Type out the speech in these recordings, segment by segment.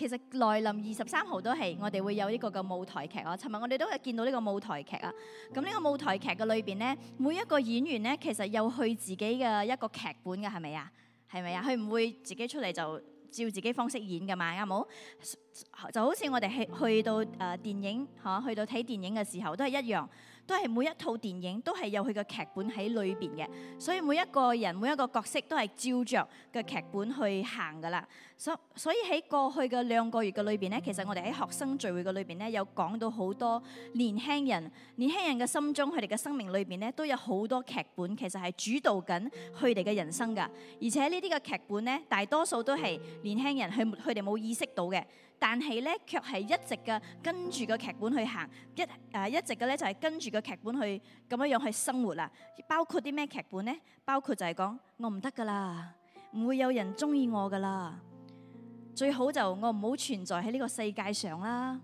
其實來臨二十三號都係，我哋會有呢個嘅舞台劇啊。尋日我哋都係見到呢個舞台劇啊。咁呢個舞台劇嘅裏邊呢，每一個演員呢，其實有去自己嘅一個劇本嘅，係咪啊？係咪啊？佢唔會自己出嚟就照自己方式演㗎嘛，啱冇？就好似我哋去去到誒電影嚇、啊，去到睇電影嘅時候都係一樣，都係每一套電影都係有佢嘅劇本喺裏邊嘅，所以每一個人每一個角色都係照着嘅劇本去行㗎啦。所以喺過去嘅兩個月嘅裏邊咧，其實我哋喺學生聚會嘅裏邊咧，有講到好多年輕人年輕人嘅心中，佢哋嘅生命裏邊咧都有好多劇本，其實係主導緊佢哋嘅人生噶。而且呢啲嘅劇本咧，大多數都係年輕人佢佢哋冇意識到嘅，但係咧卻係一直嘅跟住個劇本去行一誒，一直嘅咧就係跟住個劇本去咁樣樣去生活啦。包括啲咩劇本咧？包括就係講我唔得噶啦，唔會有人中意我噶啦。最好就我唔好存在喺呢個世界上啦，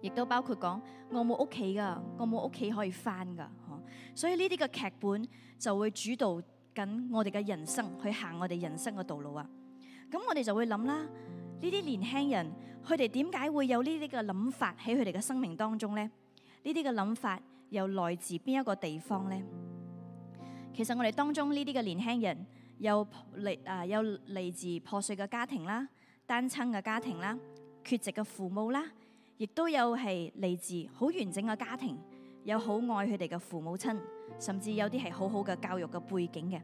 亦都包括講我冇屋企噶，我冇屋企可以翻噶，所以呢啲嘅劇本就會主導緊我哋嘅人生去行我哋人生嘅道路啊。咁我哋就會諗啦，呢啲年輕人佢哋點解會有呢啲嘅諗法喺佢哋嘅生命當中咧？呢啲嘅諗法又來自邊一個地方咧？其實我哋當中呢啲嘅年輕人有嚟啊，有嚟自破碎嘅家庭啦。單親嘅家庭啦，缺席嘅父母啦，亦都有係嚟自好完整嘅家庭，有好愛佢哋嘅父母親，甚至有啲係好好嘅教育嘅背景嘅。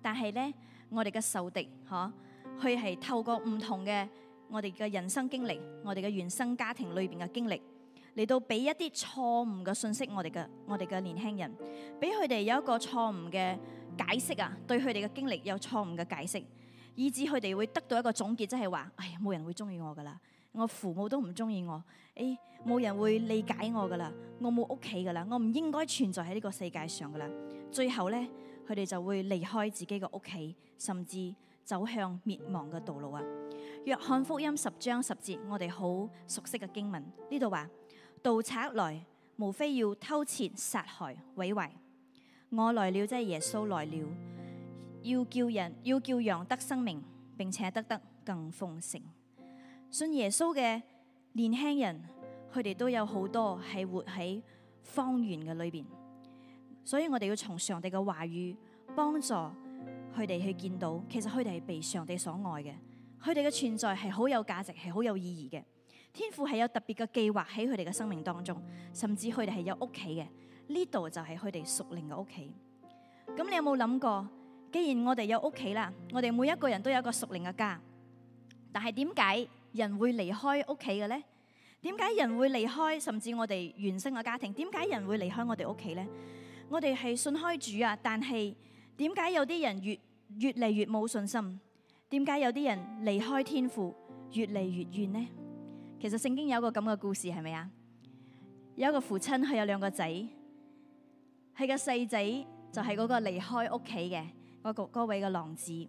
但係呢，我哋嘅仇敵，嗬，佢係透過唔同嘅我哋嘅人生經歷，我哋嘅原生家庭裏邊嘅經歷，嚟到俾一啲錯誤嘅信息我哋嘅我哋嘅年輕人，俾佢哋有一個錯誤嘅解釋啊，對佢哋嘅經歷有錯誤嘅解釋。以至佢哋會得到一個總結，即係話：唉，冇人會中意我噶啦，我父母都唔中意我，誒，冇人會理解我噶啦，我冇屋企噶啦，我唔應該存在喺呢個世界上噶啦。最後咧，佢哋就會離開自己嘅屋企，甚至走向滅亡嘅道路啊！約翰福音十章十節，我哋好熟悉嘅經文，呢度話：盜賊來，無非要偷竊殺害毀壞。我來了，即係耶穌來了。要叫人要叫羊得生命，並且得得更豐盛。信耶穌嘅年輕人，佢哋都有好多係活喺謊言嘅裏邊，所以我哋要從上帝嘅話語幫助佢哋去見到，其實佢哋係被上帝所愛嘅。佢哋嘅存在係好有價值，係好有意義嘅。天父係有特別嘅計劃喺佢哋嘅生命當中，甚至佢哋係有屋企嘅，呢度就係佢哋屬靈嘅屋企。咁你有冇諗過？既然我哋有屋企啦，我哋每一個人都有一個屬靈嘅家。但係點解人會離開屋企嘅呢？點解人會離開，甚至我哋原生嘅家庭？點解人會離開我哋屋企呢？我哋係信開主啊，但係點解有啲人越越嚟越冇信心？點解有啲人離開天父越嚟越遠呢？其實聖經有個咁嘅故事，係咪啊？有一個父親，佢有兩個仔，佢嘅細仔就係嗰個離開屋企嘅。嗰個各位嘅浪子，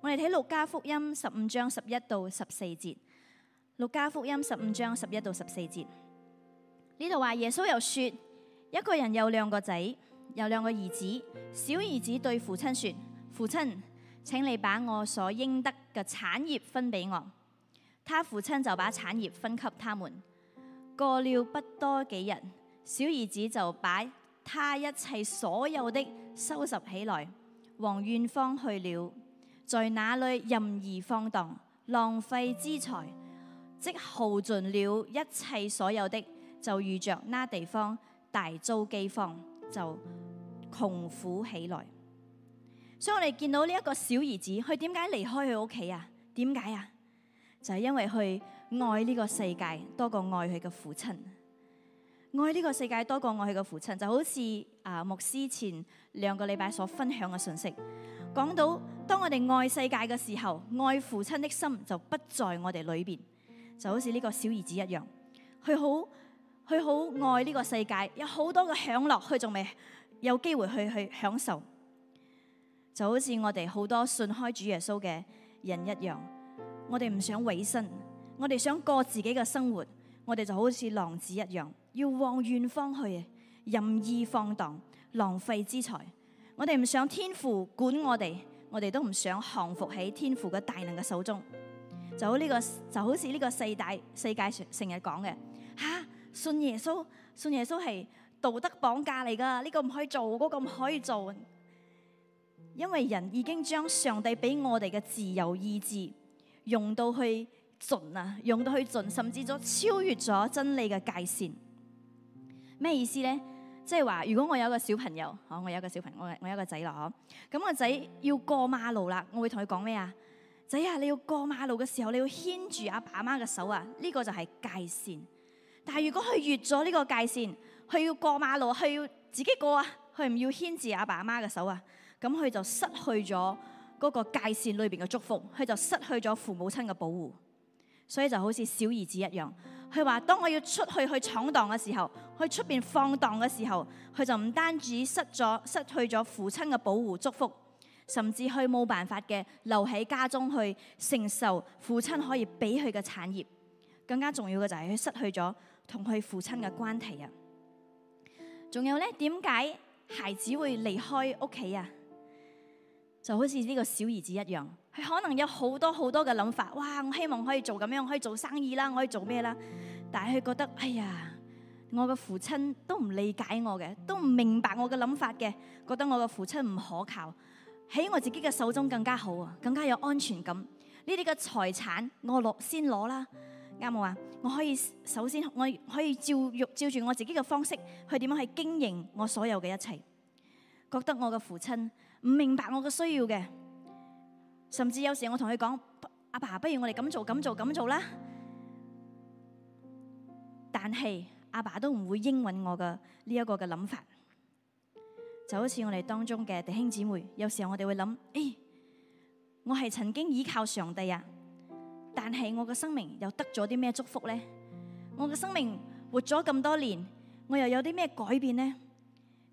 我哋睇《路加福音》十五章十一到十四節，《路加福音》十五章十一到十四節呢度話，耶穌又說：一個人有兩個仔，有兩個兒子，小兒子對父親說：父親，請你把我所應得嘅產業分俾我。他父親就把產業分給他們。過了不多幾日，小兒子就把他一切所有的收拾起來，往遠方去了，在那裏任意放蕩，浪費資財，即耗盡了一切所有的，就遇着那地方大遭饑荒，就窮苦起來。所以我哋見到呢一個小兒子，佢點解離開佢屋企啊？點解啊？就係因為佢愛呢個世界多過愛佢嘅父親。愛呢個世界多過愛佢個父親，就好似啊牧師前兩個禮拜所分享嘅信息，講到當我哋愛世界嘅時候，愛父親的心就不在我哋裏邊，就好似呢個小兒子一樣，佢好佢好愛呢個世界，有好多嘅享樂，佢仲未有機會去去享受，就好似我哋好多信開主耶穌嘅人一樣，我哋唔想委身，我哋想過自己嘅生活。我哋就好似浪子一樣，要往遠方去，任意放蕩，浪費資財。我哋唔想天父管我哋，我哋都唔想降服喺天父嘅大能嘅手中。就好呢個，就好似呢個世代世界成日講嘅，吓、啊、信耶穌，信耶穌係道德綁架嚟噶，呢個唔可以做，嗰個唔可以做。因為人已經將上帝俾我哋嘅自由意志用到去。盡啊，用到去盡，甚至咗超越咗真理嘅界線。咩意思呢？即係話，如果我有個小朋友，我我有個小朋友，我有個仔咯，咁個仔，啊嗯，要過馬路啦，我會同佢講咩啊？仔啊，你要過馬路嘅時候，你要牽住阿爸阿媽嘅手啊！呢，呢個就係界線。但係如果佢越咗呢個界線，佢要過馬路，佢要自己過啊，佢唔要牽住阿爸阿媽嘅手啊，咁佢就失去咗嗰個界線裏邊嘅祝福，佢就失去咗父母親嘅保護。所以就好似小兒子一樣，佢話：當我要出去去闖蕩嘅時候，去出邊放蕩嘅時候，佢就唔單止失咗、失去咗父親嘅保護祝福，甚至佢冇辦法嘅留喺家中去承受父親可以俾佢嘅產業。更加重要嘅就係佢失去咗同佢父親嘅關係啊！仲有呢，點解孩子會離開屋企啊？就好似呢個小兒子一樣。佢可能有好多好多嘅諗法，哇！我希望可以做咁樣，我可以做生意啦，我可以做咩啦？但係佢覺得，哎呀，我嘅父親都唔理解我嘅，都唔明白我嘅諗法嘅，覺得我嘅父親唔可靠，喺我自己嘅手中更加好啊，更加有安全感。呢啲嘅財產我攞先攞啦，啱冇啊？我可以首先，我可以照照住我自己嘅方式去點樣去經營我所有嘅一切，覺得我嘅父親唔明白我嘅需要嘅。甚至有時我同佢講，阿爸，不如我哋咁做咁做咁做啦。但係阿爸都唔會應允我嘅呢一個嘅諗法。就好似我哋當中嘅弟兄姊妹，有時候我哋會諗，誒、哎，我係曾經倚靠上帝啊，但係我嘅生命又得咗啲咩祝福呢？我嘅生命活咗咁多年，我又有啲咩改變呢？」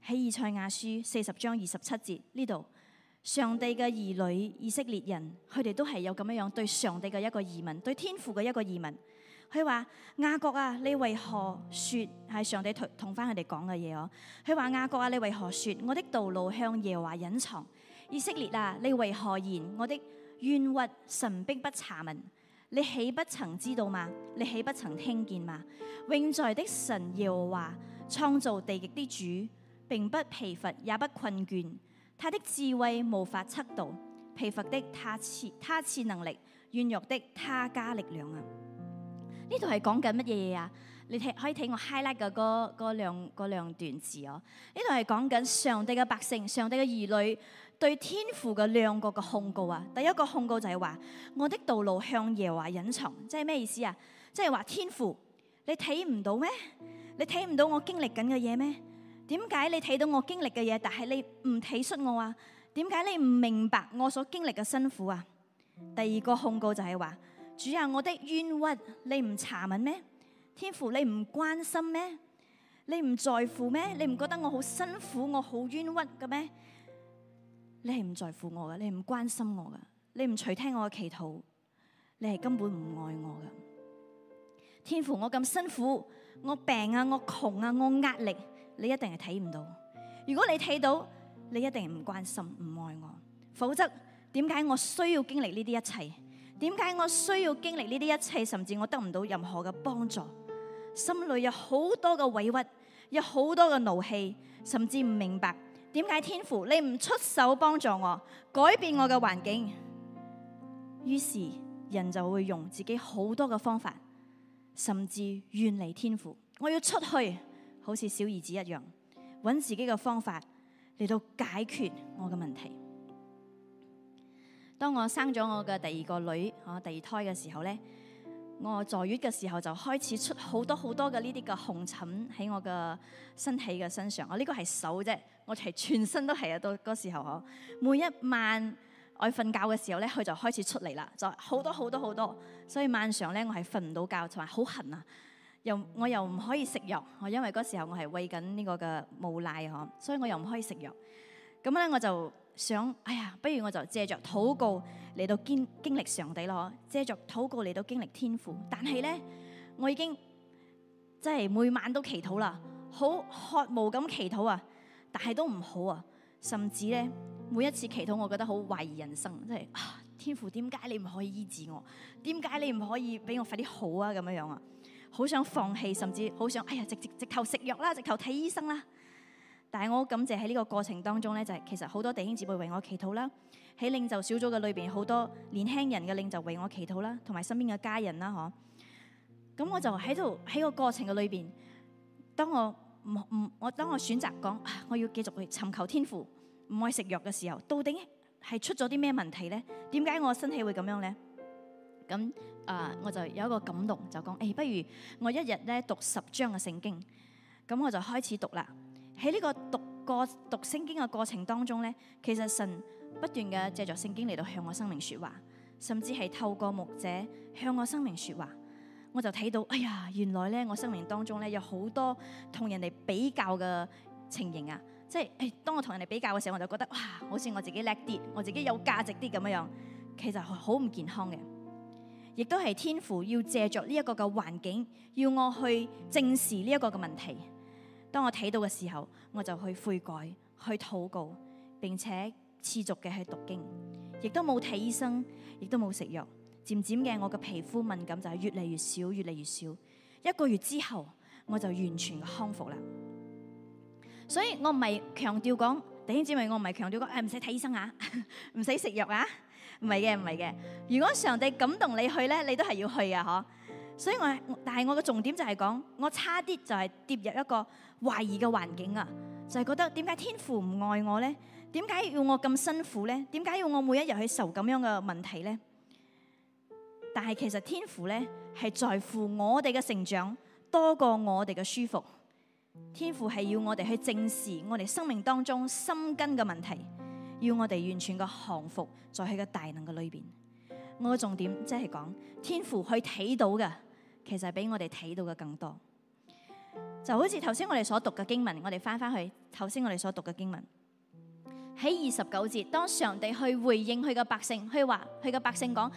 喺以賽亞書四十章二十七節呢度。上帝嘅兒女以色列人，佢哋都係有咁樣樣對上帝嘅一個疑問，對天父嘅一個疑問。佢話雅各啊，你為何説係上帝同返佢哋講嘅嘢哦？佢話雅各啊，你為何説我的道路向耶和華隱藏？以色列啊，你為何言我的冤屈神並不查問？你豈不曾知道嗎？你豈不曾聽見嗎？永在的神耶和華創造地極的主並不疲乏也不困倦。他的智慧無法測度，疲乏的他賜，他賜能力，軟弱的他家力量啊！呢度係講緊乜嘢嘢啊？你睇可以睇我 highlight 嘅嗰嗰兩段字哦。呢度係講緊上帝嘅百姓，上帝嘅兒女對天父嘅兩個嘅控告啊！第一個控告就係話：我的道路向耶和華隱藏，即係咩意思啊？即係話天父，你睇唔到咩？你睇唔到我經歷緊嘅嘢咩？點解你睇到我經歷嘅嘢，但係你唔體恤我啊？點解你唔明白我所經歷嘅辛苦啊？第二個控告就係話，主人，我的冤屈你唔查問咩？天父你唔關心咩？你唔在乎咩？你唔覺得我好辛苦，我好冤屈嘅咩？你係唔在乎我嘅？你唔關心我嘅？你唔垂聽我嘅祈禱？你係根本唔愛我嘅？天父我咁辛苦，我病啊，我窮啊，我壓力。你一定係睇唔到，如果你睇到，你一定唔關心唔愛我，否則點解我需要經歷呢啲一切？點解我需要經歷呢啲一切？甚至我得唔到任何嘅幫助，心裏有好多嘅委屈，有好多嘅怒氣，甚至唔明白點解天父你唔出手幫助我，改變我嘅環境。於是人就會用自己好多嘅方法，甚至遠離天父。我要出去。好似小兒子一樣，揾自己嘅方法嚟到解決我嘅問題。當我生咗我嘅第二個女，啊第二胎嘅時候咧，我坐月嘅時候就開始出好多好多嘅呢啲嘅紅疹喺我嘅身體嘅身上。我呢個係手啫，我係全身都係啊！到嗰時候呵，每一晚我瞓覺嘅時候咧，佢就開始出嚟啦，就好多好多好多，多。所以晚上咧，我係瞓唔到覺，同埋好痕啊！又我又唔可以食藥，我因為嗰時候我係餵緊呢個嘅母奶嗬，所以我又唔可以食藥。咁咧我就想，哎呀，不如我就借着禱告嚟到經經歷上帝咯嗬，借着禱告嚟到經歷天父。但係咧，我已經真係每晚都祈禱啦，好渴慕咁祈禱啊，但係都唔好啊。甚至咧，每一次祈禱，我覺得好懷疑人生，即係、啊、天父點解你唔可以醫治我？點解你唔可以俾我快啲好啊？咁樣樣啊？好想放棄，甚至好想，哎呀，直直直頭食藥啦，直頭睇醫生啦。但係我好感謝喺呢個過程當中呢，就係、是、其實好多弟兄姊妹為我祈禱啦，喺領袖小組嘅裏邊好多年輕人嘅領袖為我祈禱啦，同埋身邊嘅家人啦，嗬。咁我就喺度喺個過程嘅裏邊，當我唔唔我，我當我選擇講我要繼續去尋求天父，唔愛食藥嘅時候，到底係出咗啲咩問題呢？點解我身體會咁樣呢？咁。啊！Uh, 我就有一個感動，就講誒、哎，不如我一日咧讀十章嘅聖經，咁我就開始讀啦。喺呢個讀過讀聖經嘅過程當中咧，其實神不斷嘅借着聖經嚟到向我生命説話，甚至係透過牧者向我生命説話。我就睇到，哎呀，原來咧我生命當中咧有好多同人哋比較嘅情形啊！即係誒、哎，當我同人哋比較嘅時候，我就覺得哇，好似我自己叻啲，我自己有價值啲咁樣樣，其實好唔健康嘅。亦都係天父要借着呢一個嘅環境，要我去正視呢一個嘅問題。當我睇到嘅時候，我就去悔改、去禱告，並且持續嘅去讀經，亦都冇睇醫生，亦都冇食藥。漸漸嘅我嘅皮膚敏感就係越嚟越少，越嚟越少。一個月之後，我就完全康復啦。所以我唔係強調講，弟兄姐妹，我唔係強調講，誒唔使睇醫生啊，唔 使食藥啊。唔係嘅，唔係嘅。如果上帝感動你去呢，你都係要去嘅，嗬。所以我，但係我嘅重點就係講，我差啲就係跌入一個懷疑嘅環境啊，就係覺得點解天父唔愛我呢？點解要我咁辛苦呢？點解要我每一日去受咁樣嘅問題呢？但係其實天父呢，係在乎我哋嘅成長多過我哋嘅舒服。天父係要我哋去正視我哋生命當中心根嘅問題。要我哋完全個降服在佢個大能嘅裏邊。我嘅重點即係講天父去睇到嘅，其實係比我哋睇到嘅更多。就好似頭先我哋所讀嘅經文，我哋翻翻去頭先我哋所讀嘅經文，喺二十九節，當上帝去回應佢嘅百姓，佢話佢嘅百姓講：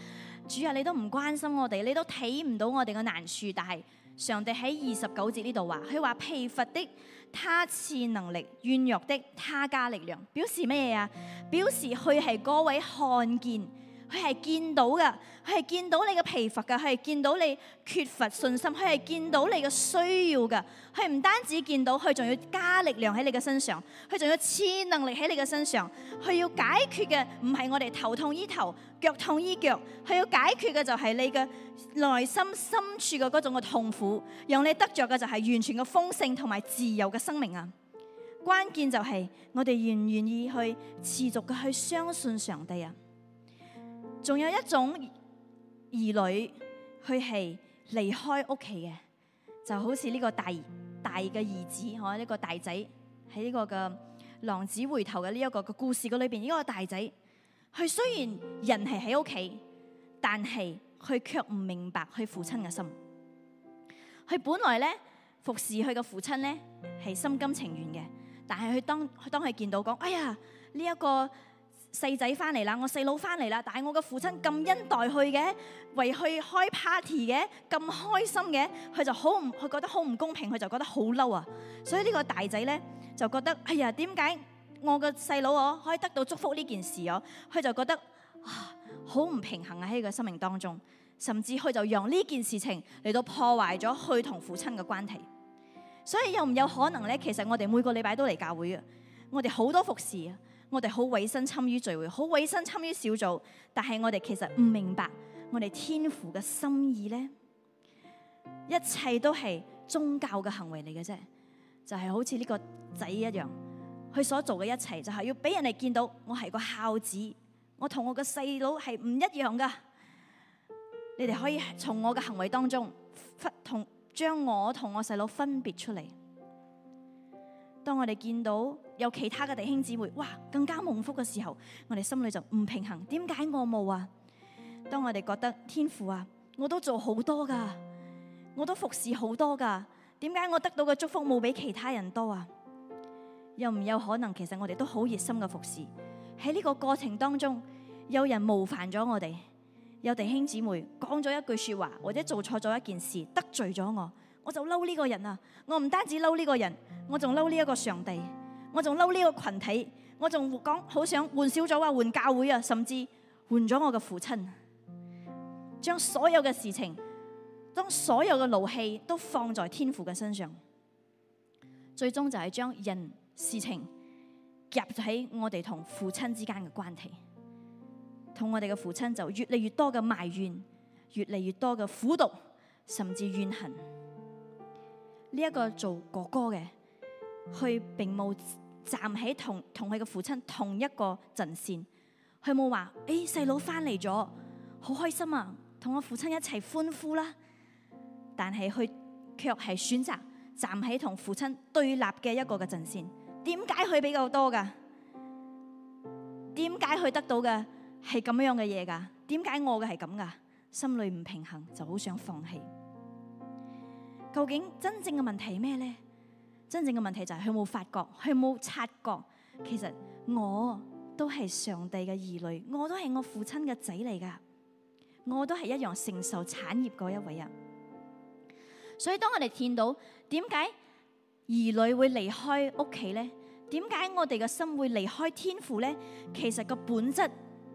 主啊，你都唔關心我哋，你都睇唔到我哋嘅難處。但係上帝喺二十九節呢度話，佢話疲乏的。他賜能力，軟弱的他加力量，表示咩嘢啊？表示佢係嗰位看見。佢係見到㗎，佢係見到你嘅疲乏㗎，佢係見到你缺乏信心，佢係見到你嘅需要㗎，佢唔單止見到，佢仲要加力量喺你嘅身上，佢仲要賜能力喺你嘅身上，佢要解決嘅唔係我哋頭痛醫頭、腳痛醫腳，佢要解決嘅就係你嘅內心深處嘅嗰種嘅痛苦，讓你得着嘅就係完全嘅豐盛同埋自由嘅生命啊！關鍵就係我哋願唔願意去持續嘅去相信上帝啊！仲有一種兒女，佢係離開屋企嘅，就好似呢個大大嘅兒子，嗬，呢個大仔喺呢個嘅浪子回頭嘅呢一個嘅、呢個、故事嘅裏邊，呢、呢個大仔，佢雖然人係喺屋企，但係佢卻唔明白佢父親嘅心。佢本來咧服侍佢嘅父親咧係心甘情願嘅，但係佢當當佢見到講，哎呀呢一、呢個。細仔翻嚟啦，我細佬翻嚟啦，但係我嘅父親咁恩待佢嘅，為佢開 party 嘅，咁開心嘅，佢就好唔，佢覺得好唔公平，佢就覺得好嬲啊！所以呢個大仔呢，就覺得哎呀，點解我個細佬哦可以得到祝福呢件事哦？佢就覺得啊，好唔平衡啊喺佢個生命當中，甚至佢就讓呢件事情嚟到破壞咗佢同父親嘅關係。所以有唔有可能呢？其實我哋每個禮拜都嚟教會啊，我哋好多服侍。啊。我哋好委身參與聚會，好委身參與小組，但係我哋其實唔明白我哋天父嘅心意呢，一切都係宗教嘅行為嚟嘅啫，就係、是、好似呢個仔一樣，佢所做嘅一切就係要俾人哋見到我係個孝子，我同我嘅細佬係唔一樣噶。你哋可以從我嘅行為當中分同將我同我細佬分別出嚟。當我哋見到有其他嘅弟兄姊妹，哇，更加蒙福嘅時候，我哋心裏就唔平衡，點解我冇啊？當我哋覺得天父啊，我都做好多噶，我都服侍好多噶，點解我得到嘅祝福冇比其他人多啊？有唔有可能，其實我哋都好熱心嘅服侍，喺呢個過程當中，有人冒犯咗我哋，有弟兄姊妹講咗一句說話，或者做錯咗一件事，得罪咗我。我就嬲呢個人啊！我唔單止嬲呢個人，我仲嬲呢一個上帝，我仲嬲呢一個群體，我仲講好想換小組啊、換教會啊，甚至換咗我嘅父親，將所有嘅事情，將所有嘅勞氣都放在天父嘅身上，最終就係將人事情夾喺我哋同父親之間嘅關係，同我哋嘅父親就越嚟越多嘅埋怨，越嚟越多嘅苦毒，甚至怨恨。呢一個做哥哥嘅，佢並冇站喺同同佢嘅父親同一個陣線，佢冇話：「誒，細佬返嚟咗，好開心啊！同我父親一齊歡呼啦。但係佢卻係選擇站喺同父親對立嘅一個嘅陣線。點解佢比較多㗎？點解佢得到嘅係咁樣嘅嘢㗎？點解我嘅係咁㗎？心裏唔平衡，就好想放棄。究竟真正嘅問題咩呢？真正嘅問題就係佢冇發覺，佢冇察覺。其實我都係上帝嘅兒女，我都係我父親嘅仔嚟噶，我都係一樣承受產業嗰一位啊。所以當我哋見到點解兒女會離開屋企呢，點解我哋嘅心會離開天父呢，其實個本質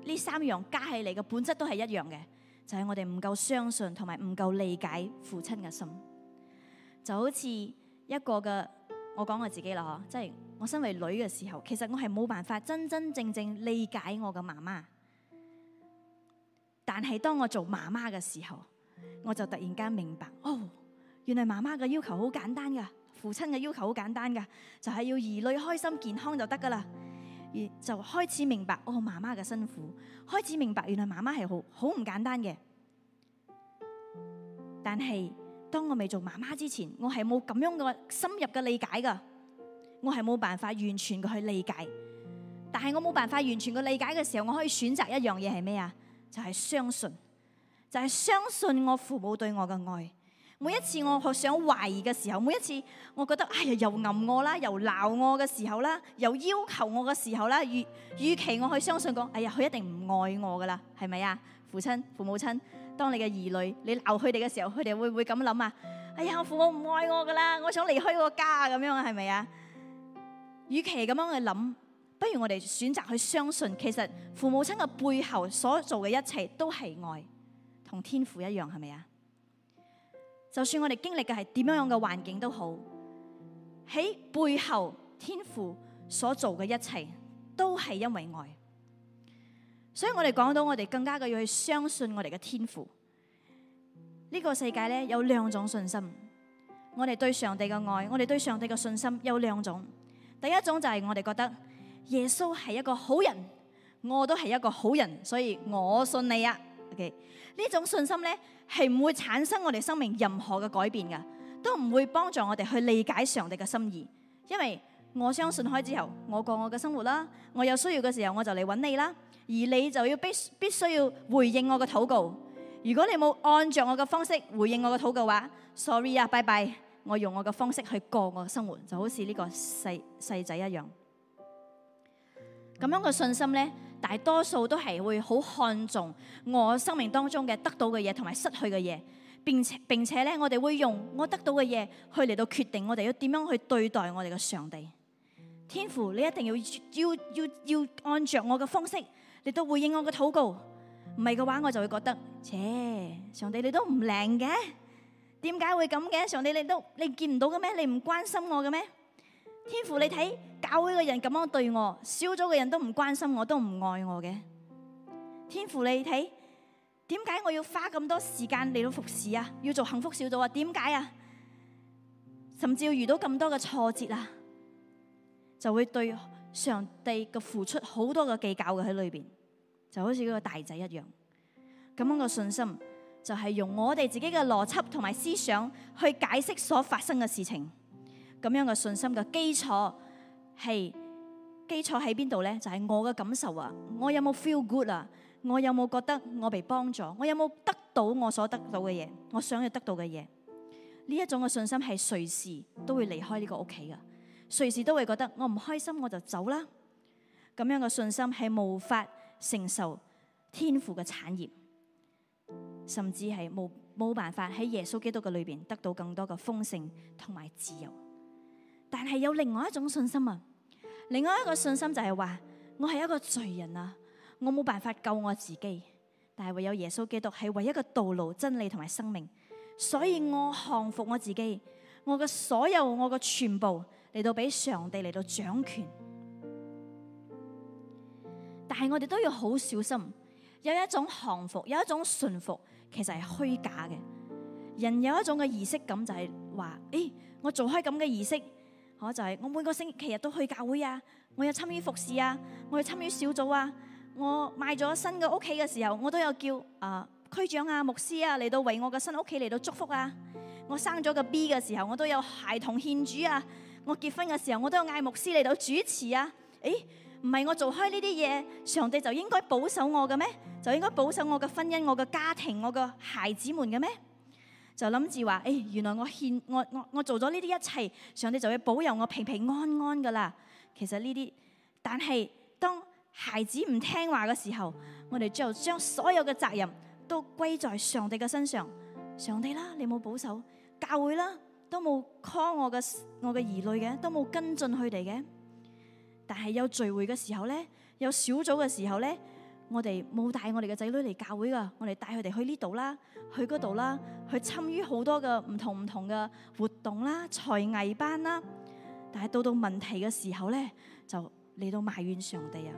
呢三樣加起嚟嘅本質都係一樣嘅，就係、是、我哋唔夠相信同埋唔夠理解父親嘅心。就好似一個嘅，我講我自己啦，即係我身為女嘅時候，其實我係冇辦法真真正正理解我嘅媽媽。但係當我做媽媽嘅時候，我就突然間明白，哦，原來媽媽嘅要求好簡單噶，父親嘅要求好簡單噶，就係要兒女開心健康就得噶啦。而就開始明白，哦，媽媽嘅辛苦，開始明白原來媽媽係好好唔簡單嘅，但係。當我未做媽媽之前，我係冇咁樣嘅深入嘅理解噶，我係冇辦法完全嘅去理解。但係我冇辦法完全嘅理解嘅時候，我可以選擇一樣嘢係咩啊？就係相信，就係相信我父母對我嘅愛。每一次我好想懷疑嘅時候，每一次我覺得哎呀又吟我啦，又鬧我嘅時候啦，又要求我嘅時候啦，與與其我去相信講，哎呀佢一定唔愛我噶啦，係咪啊？父親、父母親。當你嘅兒女，你鬧佢哋嘅時候，佢哋會唔會咁諗啊？哎呀，我父母唔愛我噶啦，我想離開個家啊，咁樣係咪啊？與其咁樣去諗，不如我哋選擇去相信，其實父母親嘅背後所做嘅一切都係愛，同天父一樣，係咪啊？就算我哋經歷嘅係點樣樣嘅環境都好，喺背後天父所做嘅一切，都係因為愛。所以我哋講到，我哋更加嘅要去相信我哋嘅天賦。呢個世界咧有兩種信心，我哋對上帝嘅愛，我哋對上帝嘅信心有兩種。第一種就係我哋覺得耶穌係一個好人，我都係一個好人，所以我信你啊。okay? 呢種信心咧係唔會產生我哋生命任何嘅改變噶，都唔會幫助我哋去理解上帝嘅心意。因為我相信開之後，我過我嘅生活啦，我有需要嘅時候我就嚟搵你啦。而你就要必必須要回應我嘅禱告。如果你冇按照我嘅方式回應我嘅禱告話，sorry 啊，拜拜。我用我嘅方式去過我嘅生活，就好似呢個細細仔一樣。咁樣嘅信心呢，大多數都係會好看重我生命當中嘅得到嘅嘢同埋失去嘅嘢。並且並且呢，我哋會用我得到嘅嘢去嚟到決定我哋要點樣去對待我哋嘅上帝。天父，你一定要要要要按著我嘅方式。你都回應我嘅禱告，唔係嘅話我就會覺得，切，上帝你都唔靈嘅，點解會咁嘅？上帝你都你見唔到嘅咩？你唔關心我嘅咩？天父你睇教會嘅人咁樣對我，小組嘅人都唔關心我都唔愛我嘅，天父你睇，點解我要花咁多時間嚟到服侍啊？要做幸福小組啊？點解啊？甚至要遇到咁多嘅挫折啊，就會對。上帝嘅付出好多嘅計較嘅喺裏邊，就好似嗰個大仔一樣。咁樣嘅信心，就係用我哋自己嘅邏輯同埋思想去解釋所發生嘅事情。咁樣嘅信心嘅基礎係基礎喺邊度呢？就係我嘅感受啊！我有冇 feel good 啊？我有冇覺得我被幫助？我有冇得到我所得到嘅嘢？我想要得到嘅嘢？呢一種嘅信心係隨時都會離開呢個屋企嘅。隨時都會覺得我唔開心，我就走啦。咁樣嘅信心係無法承受天父嘅產業，甚至係冇冇辦法喺耶穌基督嘅裏邊得到更多嘅豐盛同埋自由。但係有另外一種信心啊，另外一個信心就係話我係一個罪人啊，我冇辦法救我自己，但係唯有耶穌基督係唯一嘅道路、真理同埋生命，所以我降服我自己，我嘅所有，我嘅全部。嚟到俾上帝嚟到掌權，但係我哋都要好小心。有一種降服，有一種順服，其實係虛假嘅。人有一種嘅儀式感就，就係話，誒，我做開咁嘅儀式，我就係我每個星期日都去教會啊。我有參與服侍啊，我有參與小組啊。我買咗新嘅屋企嘅時候，我都有叫啊呃、區長啊牧師啊嚟到為我嘅新屋企嚟到祝福啊。我生咗個 B 嘅時候，我都有孩童獻主啊。我結婚嘅時候，我都有嗌牧師嚟到主持啊！誒、哎，唔係我做開呢啲嘢，上帝就應該保守我嘅咩？就應該保守我嘅婚姻、我嘅家庭、我嘅孩子們嘅咩？就諗住話，誒、哎，原來我獻我我我做咗呢啲一切，上帝就會保佑我平平安安噶啦。其實呢啲，但係當孩子唔聽話嘅時候，我哋就將所有嘅責任都歸在上帝嘅身上。上帝啦，你冇保守教會啦。都冇 call 我嘅我嘅疑慮嘅，都冇跟進佢哋嘅。但係有聚會嘅時候咧，有小組嘅時候咧，我哋冇帶我哋嘅仔女嚟教會噶，我哋帶佢哋去呢度啦，去嗰度啦，去參與好多嘅唔同唔同嘅活動啦、才藝班啦。但係到到問題嘅時候咧，就嚟到埋怨上帝啊！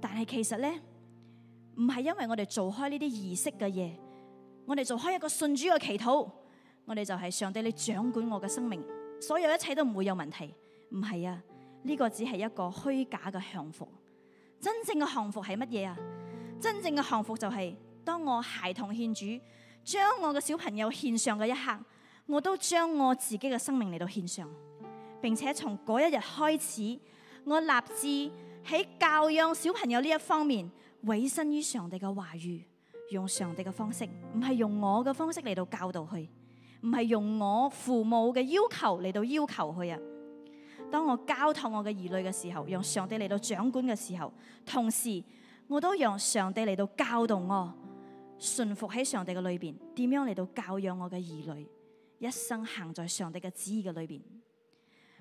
但係其實咧，唔係因為我哋做開呢啲儀式嘅嘢，我哋做開一個信主嘅祈禱。我哋就係上帝，你掌管我嘅生命，所有一切都唔會有問題。唔係啊，呢、這個只係一個虛假嘅降服。真正嘅降服係乜嘢啊？真正嘅降服就係、是、當我孩童獻主，將我嘅小朋友獻上嘅一刻，我都將我自己嘅生命嚟到獻上。並且從嗰一日開始，我立志喺教養小朋友呢一方面委身於上帝嘅話語，用上帝嘅方式，唔係用我嘅方式嚟到教導佢。唔係用我父母嘅要求嚟到要求佢啊！當我交託我嘅兒女嘅時候，讓上帝嚟到掌管嘅時候，同時我都讓上帝嚟到教導我，順服喺上帝嘅裏邊，點樣嚟到教養我嘅兒女，一生行在上帝嘅旨意嘅裏邊。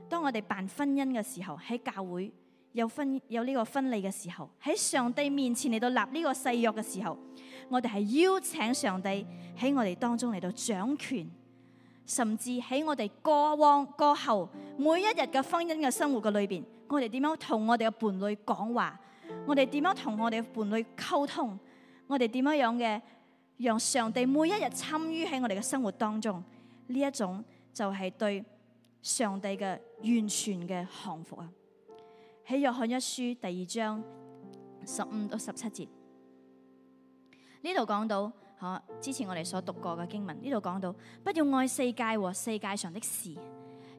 當我哋辦婚姻嘅時候，喺教會有婚有呢個婚禮嘅時候，喺上帝面前嚟到立呢個誓約嘅時候，我哋係邀請上帝喺我哋當中嚟到掌權。甚至喺我哋過往過後每一日嘅婚姻嘅生活嘅裏邊，我哋點樣同我哋嘅伴侶講話？我哋點樣同我哋嘅伴侶溝通？我哋點樣樣嘅讓上帝每一日參與喺我哋嘅生活當中？呢一種就係對上帝嘅完全嘅降服啊！喺約翰一書第二章十五到十七節，呢度講到。之前我哋所讀過嘅經文呢度講到，不要愛世界和世界上的事。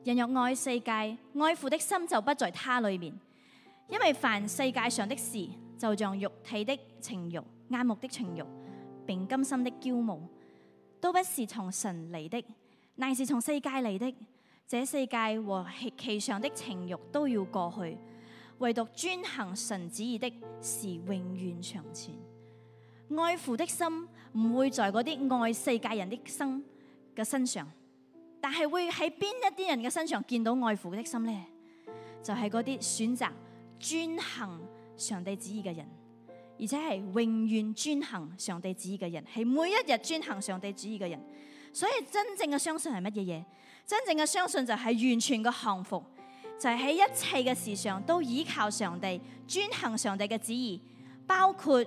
人若愛世界，愛父的心就不在他裏面，因為凡世界上的事，就像肉體的情欲、眼目的情欲，並今生的驕傲，都不是從神嚟的，乃是從世界嚟的。這世界和其上的情欲都要過去，唯獨遵行神旨意的是永遠常存。愛父的心。唔會在嗰啲愛世界人的心嘅身上，但係會喺邊一啲人嘅身上見到愛父的心呢？就係嗰啲選擇遵行上帝旨意嘅人，而且係永遠遵行上帝旨意嘅人，係每一日遵行上帝旨意嘅人。所以真正嘅相信係乜嘢嘢？真正嘅相信就係完全嘅降服，就係、是、喺一切嘅事上都依靠上帝，遵行上帝嘅旨意，包括。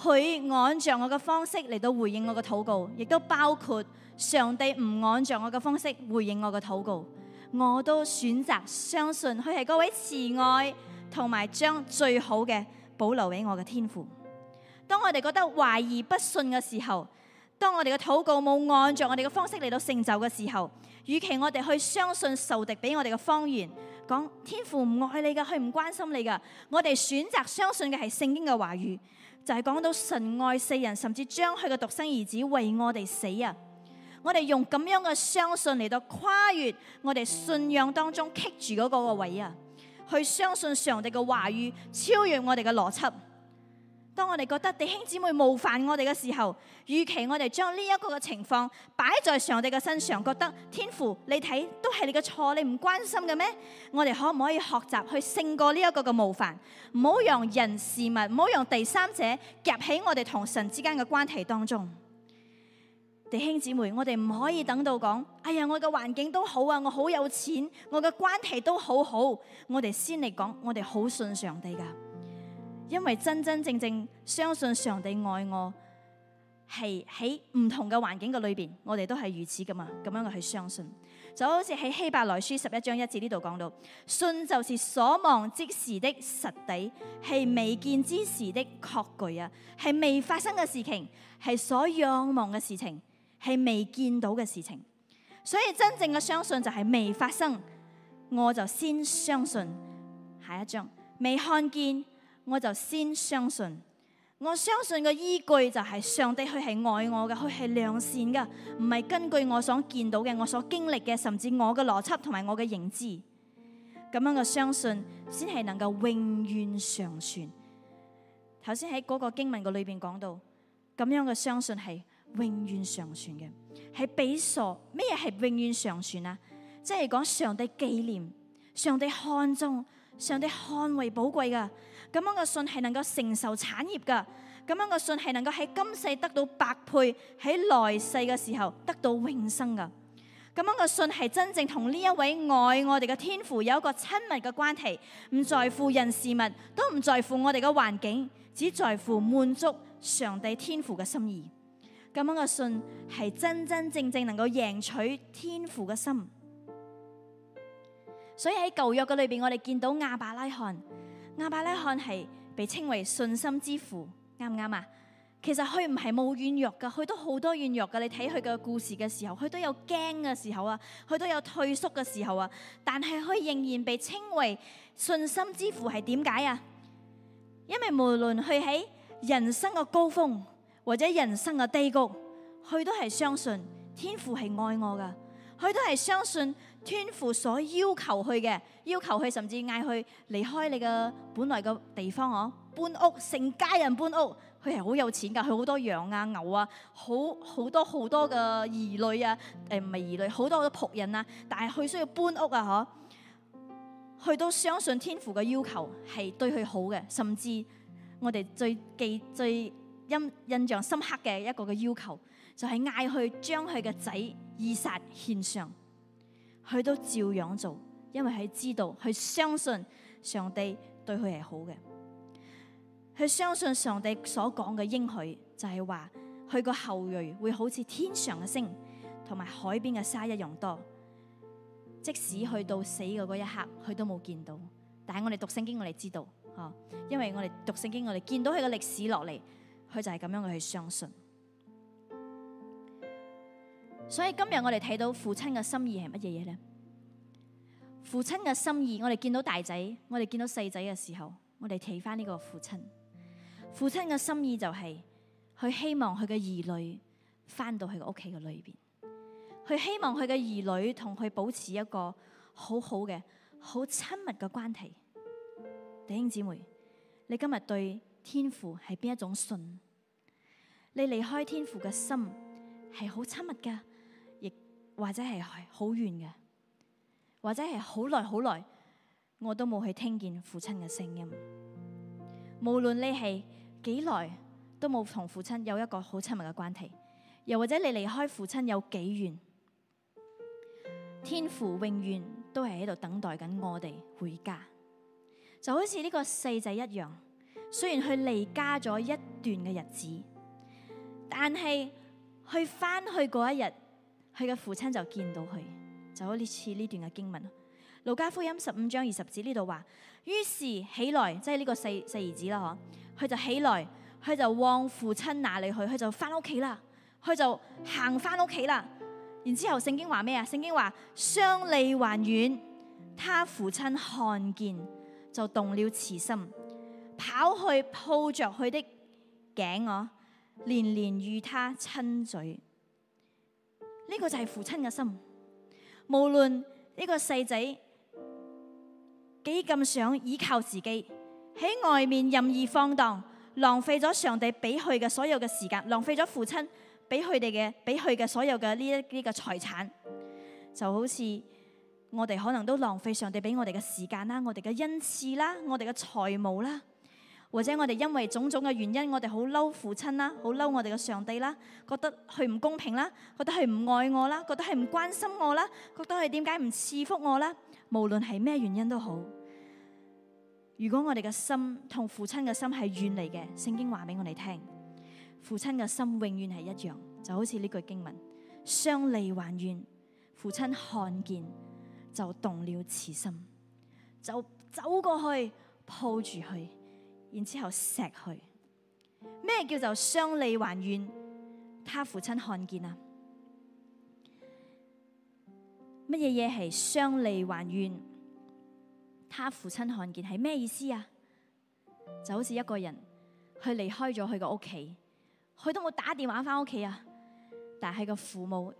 佢按着我嘅方式嚟到回應我嘅禱告，亦都包括上帝唔按着我嘅方式回應我嘅禱告，我都選擇相信佢係嗰位慈愛同埋將最好嘅保留俾我嘅天父。當我哋覺得懷疑不信嘅時候，當我哋嘅禱告冇按着我哋嘅方式嚟到成就嘅時候，與其我哋去相信仇敵俾我哋嘅謊言，講天父唔愛你嘅、佢唔關心你嘅，我哋選擇相信嘅係聖經嘅話語。就係講到神愛世人，甚至將佢嘅獨生兒子為我哋死啊！我哋用咁樣嘅相信嚟到跨越我哋信仰當中棘住嗰個個位啊，去相信上帝嘅話語，超越我哋嘅邏輯。當我哋覺得弟兄姊妹冒犯我哋嘅時候，與其我哋將呢一個嘅情況擺在上帝嘅身上，覺得天父，你睇都係你嘅錯，你唔關心嘅咩？我哋可唔可以學習去勝過呢一個嘅冒犯？唔好讓人事物，唔好讓第三者夾喺我哋同神之間嘅關係當中。弟兄姊妹，我哋唔可以等到講，哎呀，我嘅環境都好啊，我好有錢，我嘅關係都好好，我哋先嚟講，我哋好信上帝㗎。因為真真正正相信上帝愛我，係喺唔同嘅環境嘅裏邊，我哋都係如此㗎嘛，咁樣去相信，就好似喺希伯來書十一章一節呢度講到，信就是所望之時的實底，係未見之時的確據啊，係未發生嘅事情，係所仰望嘅事情，係未見到嘅事情。所以真正嘅相信就係未發生，我就先相信。下一章未看見。我就先相信，我相信嘅依據就係上帝，佢係愛我嘅，佢係良善噶，唔係根據我所見到嘅，我所經歷嘅，甚至我嘅邏輯同埋我嘅認知。咁樣嘅相信先係能夠永遠常存。頭先喺嗰個經文嘅裏邊講到，咁樣嘅相信係永遠常存嘅。係比傻咩嘢係永遠常存啊？即係講上帝紀念上帝看中、上帝看為寶貴噶。咁樣個信係能夠承受產業噶。咁樣個信係能夠喺今世得到百倍，喺來世嘅時候得到永生噶。咁樣個信係真正同呢一位愛我哋嘅天父有一個親密嘅關係，唔在乎人事物，都唔在乎我哋嘅環境，只在乎滿足上帝天父嘅心意。咁樣個信係真真正正能夠贏取天父嘅心。所以喺舊約嘅裏邊，我哋見到亞伯拉罕。亞伯拉罕係被稱為信心之父，啱唔啱啊？其實佢唔係冇軟弱噶，佢都好多軟弱噶。你睇佢嘅故事嘅時候，佢都有驚嘅時候啊，佢都有退縮嘅時候啊。但係佢仍然被稱為信心之父，係點解啊？因為無論佢喺人生嘅高峰或者人生嘅低谷，佢都係相信天父係愛我噶，佢都係相信。天父所要求佢嘅，要求佢甚至嗌佢離開你嘅本來嘅地方哦，搬屋，成家人搬屋。佢係好有錢噶，佢好多羊啊、牛啊，好好多好多嘅兒女啊，誒唔係兒女，好多好多僕人啊。但係佢需要搬屋啊，嗬？佢都相信天父嘅要求係對佢好嘅，甚至我哋最記最印印象深刻嘅一個嘅要求，就係嗌佢將佢嘅仔以撒獻上。佢都照樣做，因為佢知道，佢相信上帝對佢係好嘅。佢相信上帝所講嘅應許就，就係話佢個後裔會好似天上嘅星，同埋海邊嘅沙一樣多。即使去到死嘅嗰一刻，佢都冇見到。但係我哋讀聖經，我哋知道，吓，因為我哋讀聖經，我哋見到佢嘅歷史落嚟，佢就係咁樣去相信。所以今日我哋睇到父親嘅心意係乜嘢嘢呢？父親嘅心意，我哋見到大仔，我哋見到細仔嘅時候，我哋睇翻呢個父親。父親嘅心意就係、是、佢希望佢嘅兒女翻到佢嘅屋企嘅裏邊，佢希望佢嘅兒女同佢保持一個好好嘅好親密嘅關係。弟兄姊妹，你今日對天父係邊一種信？你離開天父嘅心係好親密噶？或者係好遠嘅，或者係好耐好耐，我都冇去聽見父親嘅聲音。無論你係幾耐，都冇同父親有一個好親密嘅關係。又或者你離開父親有幾遠，天父永遠都係喺度等待緊我哋回家。就好似呢個細仔一樣，雖然佢離家咗一段嘅日子，但係去翻去嗰一日。佢嘅父親就見到佢，就好似呢段嘅經文，《路加福音》十五章二十節呢度話：於是起來，即係呢個細細兒子啦，嗬，佢就起來，佢就往父親那裏去，佢就返屋企啦，佢就行返屋企啦。然之後聖經話咩啊？聖經話相離還遠，他父親看見就動了慈心，跑去抱著佢的頸，嗬，連連與他親嘴。呢個就係父親嘅心，無論呢個細仔幾咁想依靠自己，喺外面任意放蕩，浪費咗上帝俾佢嘅所有嘅時間，浪費咗父親俾佢哋嘅，俾佢嘅所有嘅呢一啲嘅財產，就好似我哋可能都浪費上帝俾我哋嘅時間啦，我哋嘅恩賜啦，我哋嘅財務啦。或者我哋因為種種嘅原因，我哋好嬲父親啦，好嬲我哋嘅上帝啦，覺得佢唔公平啦，覺得佢唔愛我啦，覺得佢唔關心我啦，覺得佢點解唔賜福我啦，無論係咩原因都好，如果我哋嘅心同父親嘅心係遠離嘅，聖經話俾我哋聽，父親嘅心永遠係一樣，就好似呢句經文：相離還遠，父親看見就動了慈心，就走過去抱住佢。然之後錫佢。咩叫做相離還遠？他父親看見啊，乜嘢嘢係相離還遠？他父親看見係咩意思啊？就好似一個人，佢離開咗佢個屋企，佢都冇打電話返屋企啊。但係個父母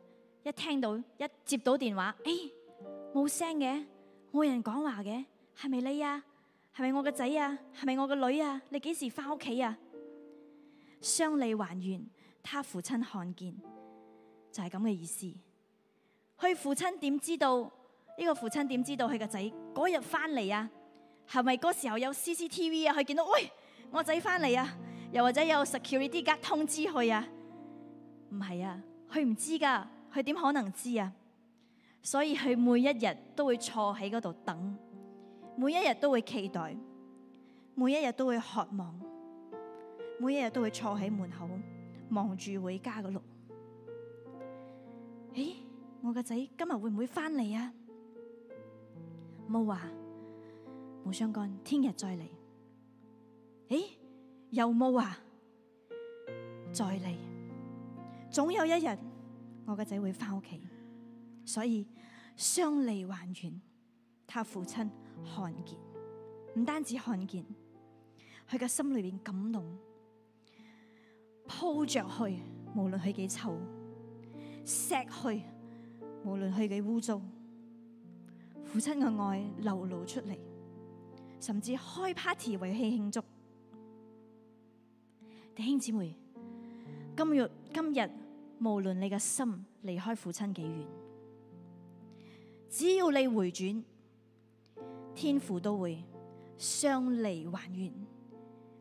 一聽到，一接到電話，哎，冇聲嘅，冇人講話嘅，係咪你啊？係咪我個仔啊？係咪我個女啊？你幾時翻屋企啊？相離還遠，他父親看見，就係咁嘅意思。佢父親點知道？呢、這個父親點知道佢個仔嗰日翻嚟啊？係咪嗰時候有 CCTV 啊？佢見到喂、哎，我仔翻嚟啊！又或者有 security guard 通知佢啊？唔係啊，佢唔知噶，佢點可能知啊？所以佢每一日都會坐喺嗰度等。每一日都會期待，每一日都會渴望，每一日都會坐喺門口望住回家嘅路。誒，我個仔今日會唔會翻嚟啊？冇啊，冇相干，聽日再嚟。誒，又冇啊，再嚟。總有一日我個仔會翻屋企，所以相離還遠，他父親。看見，唔單止看見，佢嘅心裏邊感動，鋪着佢，無論佢幾臭，錫佢，無論佢幾污糟，父親嘅愛流露出嚟，甚至開 party 為佢慶祝。弟兄姊妹，今日今日，無論你嘅心離開父親幾遠，只要你回轉。天父都會相離還遠，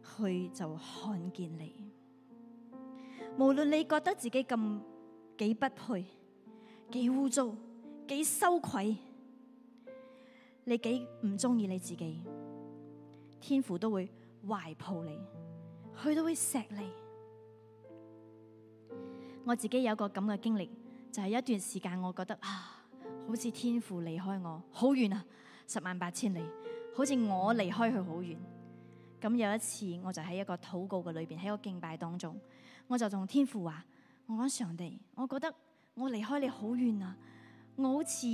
佢就看見你。無論你覺得自己咁幾不配、幾污糟、幾羞愧，你幾唔中意你自己，天父都會懷抱你，佢都會錫你。我自己有個咁嘅經歷，就係、是、一段時間，我覺得啊，好似天父離開我好遠啊。十萬八千里，好似我離開佢好遠。咁有一次，我就喺一個禱告嘅裏邊，喺一個敬拜當中，我就同天父話，我講上帝，我覺得我離開你好遠啊，我好似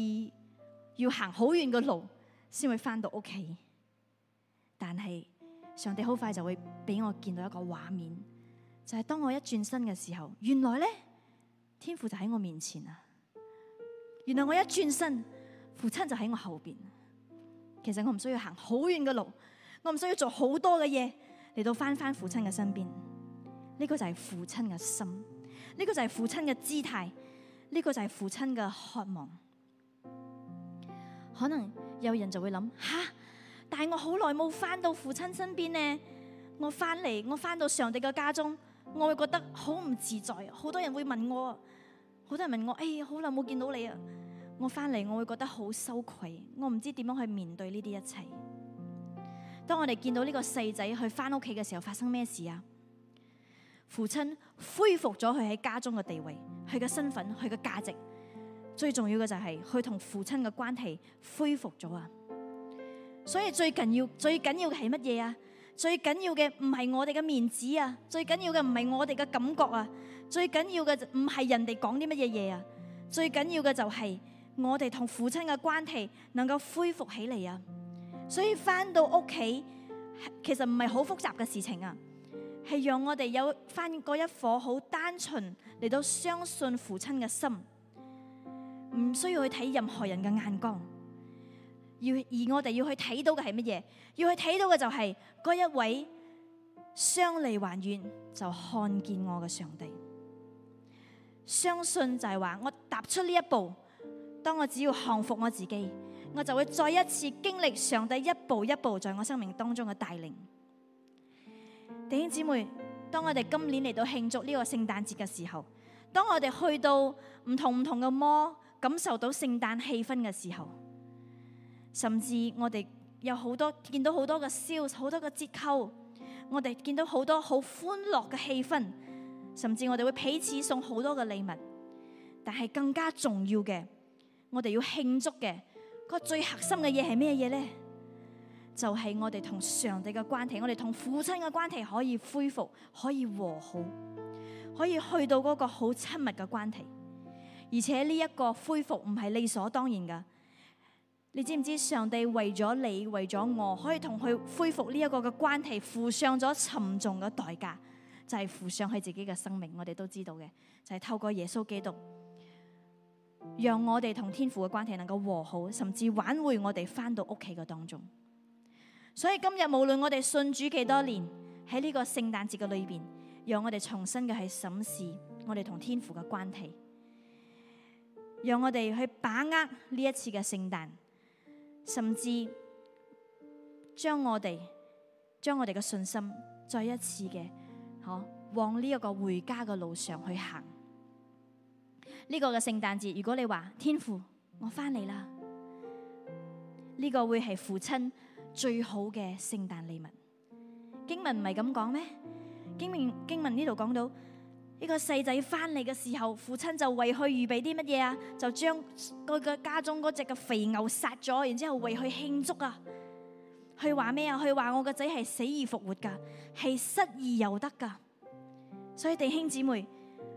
要行好遠嘅路先會翻到屋企。但係上帝好快就會俾我見到一個畫面，就係當我一轉身嘅時候，原來呢，天父就喺我面前啊！原來我一轉身，父親就喺我後邊。其實我唔需要行好遠嘅路，我唔需要做好多嘅嘢，嚟到翻翻父親嘅身邊。呢個就係父親嘅心，呢個就係父親嘅姿態，呢個就係父親嘅渴望。可能有人就會諗吓，但係我好耐冇翻到父親身邊呢？我翻嚟，我翻到上帝嘅家中，我會覺得好唔自在。好多人會問我，好多人問我，哎，好耐冇見到你啊！我翻嚟，我會覺得好羞愧，我唔知點樣去面對呢啲一切。當我哋見到呢個細仔去翻屋企嘅時候，發生咩事啊？父親恢復咗佢喺家中嘅地位，佢嘅身份，佢嘅價值，最重要嘅就係佢同父親嘅關係恢復咗啊！所以最緊要、最緊要嘅係乜嘢啊？最緊要嘅唔係我哋嘅面子啊，最緊要嘅唔係我哋嘅感覺啊，最緊要嘅唔係人哋講啲乜嘢嘢啊，最緊要嘅就係……我哋同父親嘅關係能夠恢復起嚟啊！所以翻到屋企，其實唔係好複雜嘅事情啊，係讓我哋有翻嗰一顆好單純嚟到相信父親嘅心，唔需要去睇任何人嘅眼光。要而我哋要去睇到嘅係乜嘢？要去睇到嘅就係嗰一位相離還遠，就看見我嘅上帝。相信就係話我踏出呢一步。當我只要降服我自己，我就會再一次經歷上帝一步一步在我生命當中嘅帶領。弟兄姊妹，當我哋今年嚟到慶祝呢個聖誕節嘅時候，當我哋去到唔同唔同嘅魔，感受到聖誕氣氛嘅時候，甚至我哋有好多見到好多嘅 sales，好多嘅折扣，我哋見到好多好歡樂嘅氣氛，甚至我哋會彼此送好多嘅禮物，但係更加重要嘅。我哋要慶祝嘅個最核心嘅嘢係咩嘢呢？就係、是、我哋同上帝嘅關係，我哋同父親嘅關係可以恢復，可以和好，可以去到嗰個好親密嘅關係。而且呢一個恢復唔係理所當然噶。你知唔知上帝為咗你，為咗我可以同佢恢復呢一個嘅關係，付上咗沉重嘅代價，就係、是、付上佢自己嘅生命。我哋都知道嘅，就係、是、透過耶穌基督。讓我哋同天父嘅關係能夠和好，甚至挽回我哋翻到屋企嘅當中。所以今日無論我哋信主幾多年，喺呢個聖誕節嘅裏邊，讓我哋重新嘅去審視我哋同天父嘅關係，讓我哋去把握呢一次嘅聖誕，甚至將我哋將我哋嘅信心再一次嘅，嗬，往呢一個回家嘅路上去行。呢個嘅聖誕節，如果你話天父，我翻嚟啦，呢個會係父親最好嘅聖誕禮物。經文唔係咁講咩？經文經文呢度講到呢個細仔翻嚟嘅時候，父親就為佢預備啲乜嘢啊？就將佢嘅家中嗰隻嘅肥牛殺咗，然之後為佢慶祝啊。佢話咩啊？佢話我個仔係死而復活噶，係失而有得噶。所以弟兄姊妹，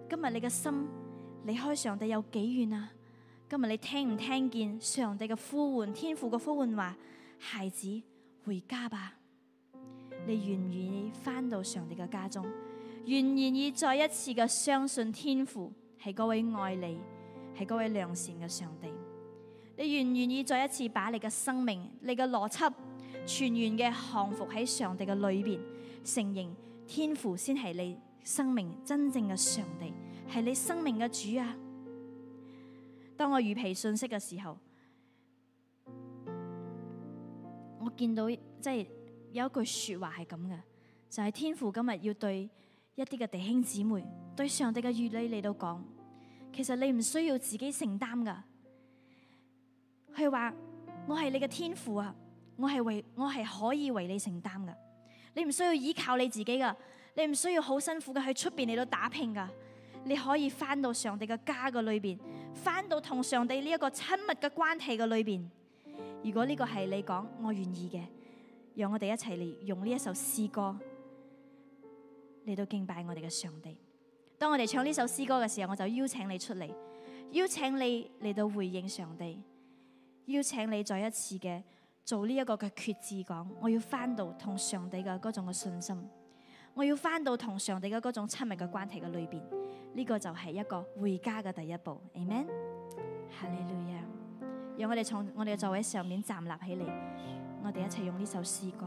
今日你嘅心。你離開上帝有幾遠啊？今日你聽唔聽見上帝嘅呼喚，天父嘅呼喚，話孩子回家吧。你願唔願意翻到上帝嘅家中？願唔願意再一次嘅相信天父係嗰位愛你，係嗰位良善嘅上帝？你願唔願意再一次把你嘅生命、你嘅邏輯，全然嘅降服喺上帝嘅裏邊，承認天父先係你生命真正嘅上帝？係你生命嘅主啊！當我預備訊息嘅時候，我見到即係有一句說話係咁嘅，就係天父今日要對一啲嘅弟兄姊妹，對上帝嘅兒女嚟到講，其實你唔需要自己承擔噶。佢話我係你嘅天父啊，我係為我係可以為你承擔噶，你唔需要依靠你自己噶，你唔需要好辛苦嘅去出邊嚟到打拼噶。你可以翻到上帝嘅家嘅裏邊，翻到同上帝呢一個親密嘅關係嘅裏邊。如果呢個係你講，我願意嘅，讓我哋一齊嚟用呢一首詩歌嚟到敬拜我哋嘅上帝。當我哋唱呢首詩歌嘅時候，我就邀請你出嚟，邀請你嚟到回應上帝，邀請你再一次嘅做呢一個嘅決志講，講我要翻到同上帝嘅嗰種嘅信心。我要返到同上帝嘅嗰種親密嘅關係嘅裏邊，呢個就係一個回家嘅第一步。Amen。哈利路亞！讓我哋從我哋嘅座位上面站立起嚟，我哋一齊用呢首詩歌。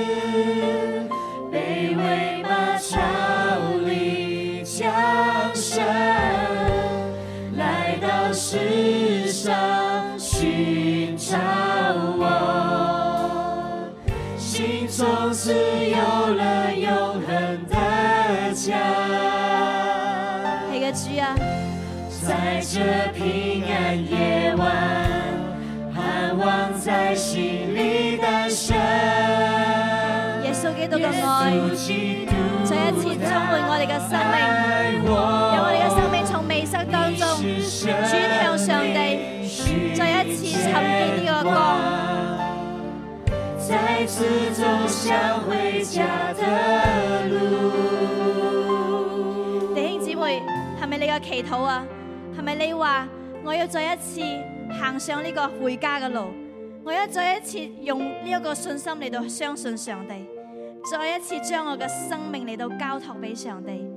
生命，讓我哋嘅生命從未失當中轉向上帝，再一次看見呢個光，再次走向回家的路。弟兄姊妹，係咪你嘅祈禱啊？係咪你話我要再一次行上呢個回家嘅路？我要再一次用呢一個信心嚟到相信上帝，再一次將我嘅生命嚟到交託俾上帝。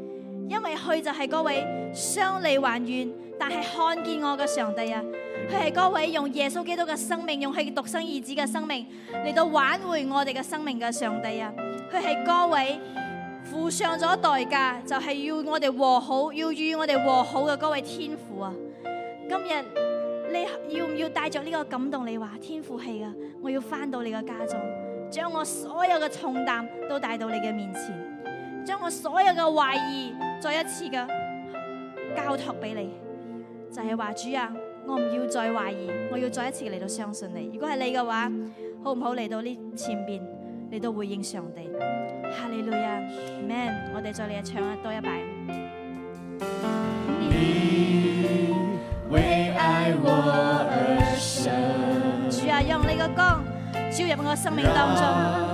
因為佢就係嗰位相離還遠，但係看見我嘅上帝啊，佢係嗰位用耶穌基督嘅生命，用佢獨生兒子嘅生命嚟到挽回我哋嘅生命嘅上帝啊，佢係嗰位付上咗代價，就係要我哋和好，要與我哋和好嘅嗰位天父啊！今日你要唔要帶着呢個感動你話，天父係啊，我要返到你嘅家中，將我所有嘅重擔都帶到你嘅面前。將我所有嘅懷疑，再一次嘅交託俾你，就係話，主啊，我唔要再懷疑，我要再一次嚟到相信你。如果係你嘅話，好唔好嚟到呢前邊你都回應上帝？哈利路亞，Man，我哋再嚟唱多一拜。你為愛我而生，主啊，用你嘅光照入我生命當中。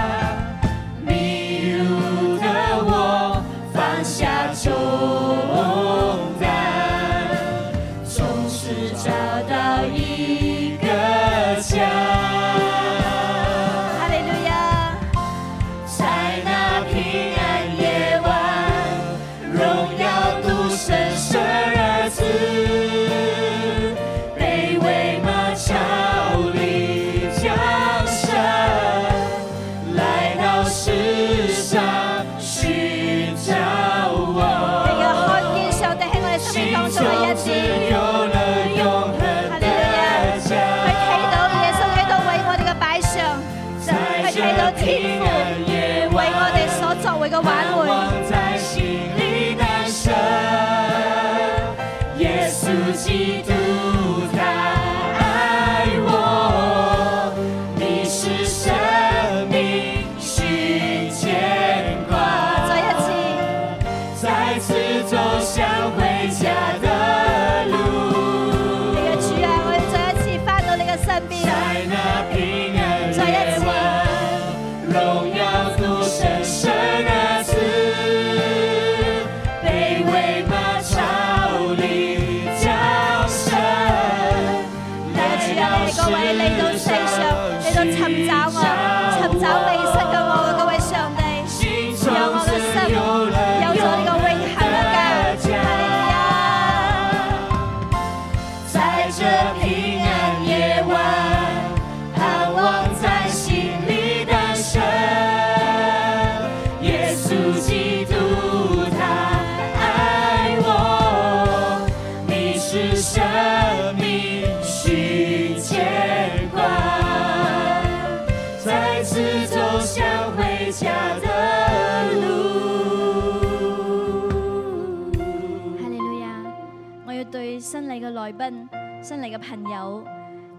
來賓，新嚟嘅朋友，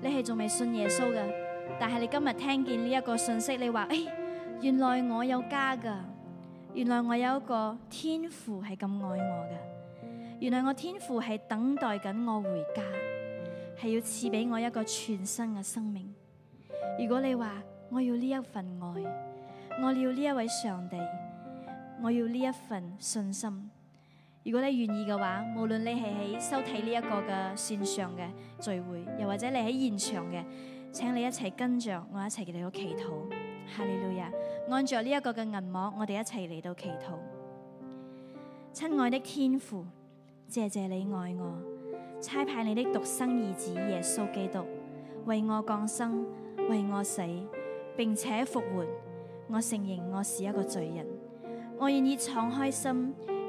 你係仲未信耶穌噶？但係你今日聽見呢一個信息，你話誒、哎，原來我有家噶，原來我有一個天父係咁愛我噶，原來我天父係等待緊我回家，係要賜俾我一個全新嘅生命。如果你話我要呢一份愛，我要呢一位上帝，我要呢一份信心。如果你願意嘅話，無論你係喺收睇呢一個嘅線上嘅聚會，又或者你喺現場嘅，請你一齊跟著我一齊嚟到祈禱。哈利路亞！按著呢一個嘅銀幕，我哋一齊嚟到祈禱。親愛的天父，謝謝你愛我，差派你的獨生兒子耶穌基督為我降生，為我死並且復活。我承認我是一個罪人，我願意敞開心。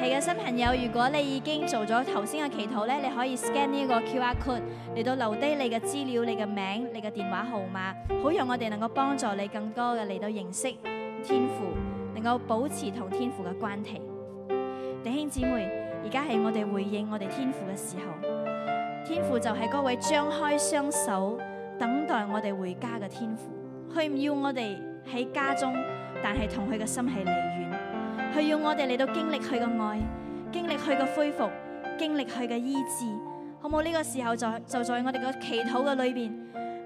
係嘅，新朋友，如果你已經做咗頭先嘅祈禱咧，你可以 scan 呢個 QR code 嚟到留低你嘅資料、你嘅名、你嘅電話號碼，好讓我哋能夠幫助你更多嘅嚟到認識天父，能夠保持同天父嘅關係。弟兄姊妹，而家係我哋回應我哋天父嘅時候，天父就係嗰位張開雙手等待我哋回家嘅天父，佢唔要我哋喺家中，但係同佢嘅心係你。佢要我哋嚟到經歷佢嘅愛，經歷佢嘅恢復，經歷佢嘅醫治。好冇？呢個時候就，就在我哋嘅祈禱嘅裏邊，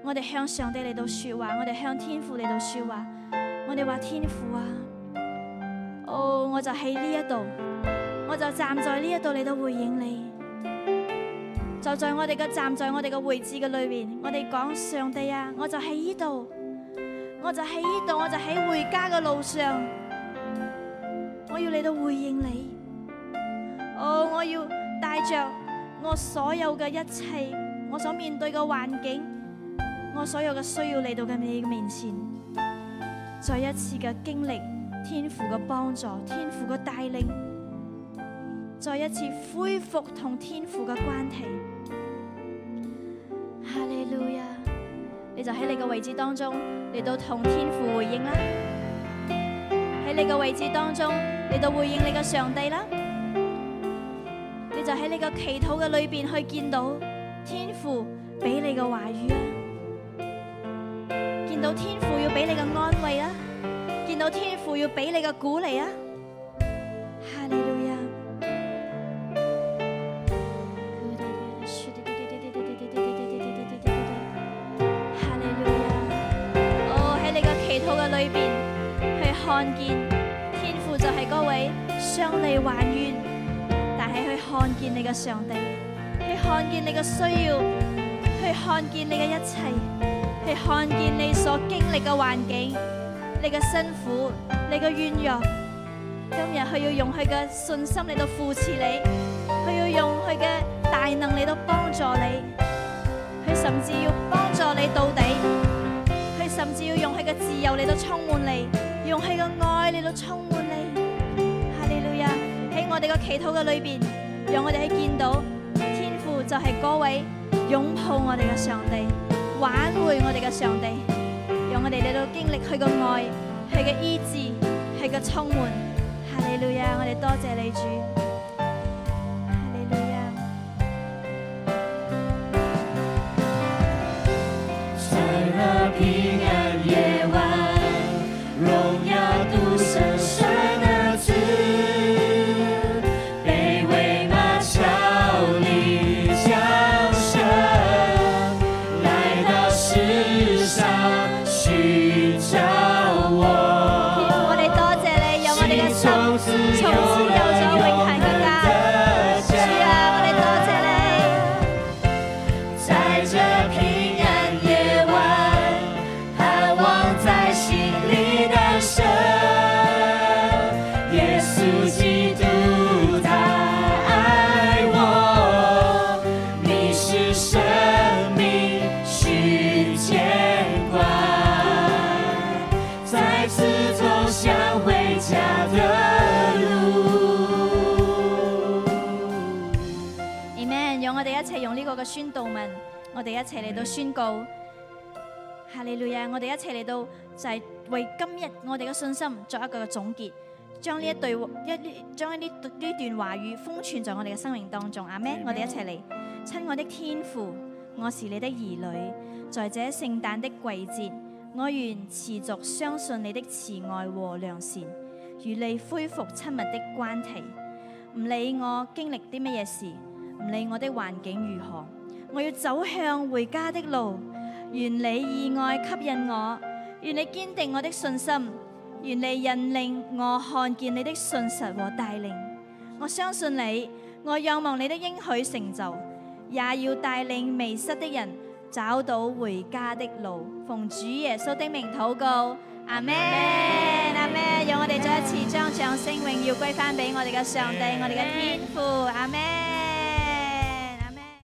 我哋向上帝嚟到説話，我哋向天父嚟到説話，我哋話天父啊，哦，我就喺呢一度，我就站在呢一度嚟到回應你。就在我哋嘅站在我哋嘅位置嘅裏邊，我哋講上帝啊，我就喺呢度，我就喺呢度，我就喺回家嘅路上。我要嚟到回應你，哦！我要帶着我所有嘅一切，我所面對嘅環境，我所有嘅需要嚟到嘅你面前，再一次嘅經歷天父嘅幫助，天父嘅帶領，再一次恢復同天父嘅關係。哈利路亞！你就喺你嘅位置當中嚟到同天父回應啦，喺你嘅位置當中。你就回應你嘅上帝啦，你就喺你個祈禱嘅裏面去見到天父俾你嘅話語啊，見到天父要俾你嘅安慰啊，見到天父要俾你嘅鼓勵啊。將你還願，但係去看見你嘅上帝，去看見你嘅需要，去看見你嘅一切，去看見你所經歷嘅環境，你嘅辛苦，你嘅軟弱，今日佢要用佢嘅信心嚟到扶持你，佢要用佢嘅大能嚟到幫助你，佢甚至要幫助你到底，佢甚至要用佢嘅自由嚟到充滿你，用佢嘅愛你嚟到充滿。我哋嘅祈禱嘅裏邊，讓我哋去見到天父就係嗰位擁抱我哋嘅上帝，挽迴我哋嘅上帝，讓我哋嚟到經歷佢嘅愛，佢嘅醫治，佢嘅充滿。哈利路亞！我哋多謝，謝你主。我哋一齊嚟到宣告，哈利路亞！我哋一齊嚟到就係為今日我哋嘅信心作一個總結，將呢一對一將一呢段話語封存在我哋嘅生命當中阿咩？Amen. 我哋一齊嚟，親愛的天父，我是你的兒女，在這聖誕的季節，我願持續相信你的慈愛和良善，與你恢復親密的關係。唔理我經歷啲乜嘢事，唔理我的環境如何。我要走向回家的路，願你以愛吸引我，願你堅定我的信心，願你引領我看見你的信實和帶領。我相信你，我仰望你的應許成就，也要帶領迷失的人找到回家的路。奉主耶穌的名禱告，阿們，阿們，讓我哋再一次將們掌聲榮耀歸翻俾我哋嘅上帝，我哋嘅天父，阿們們。阿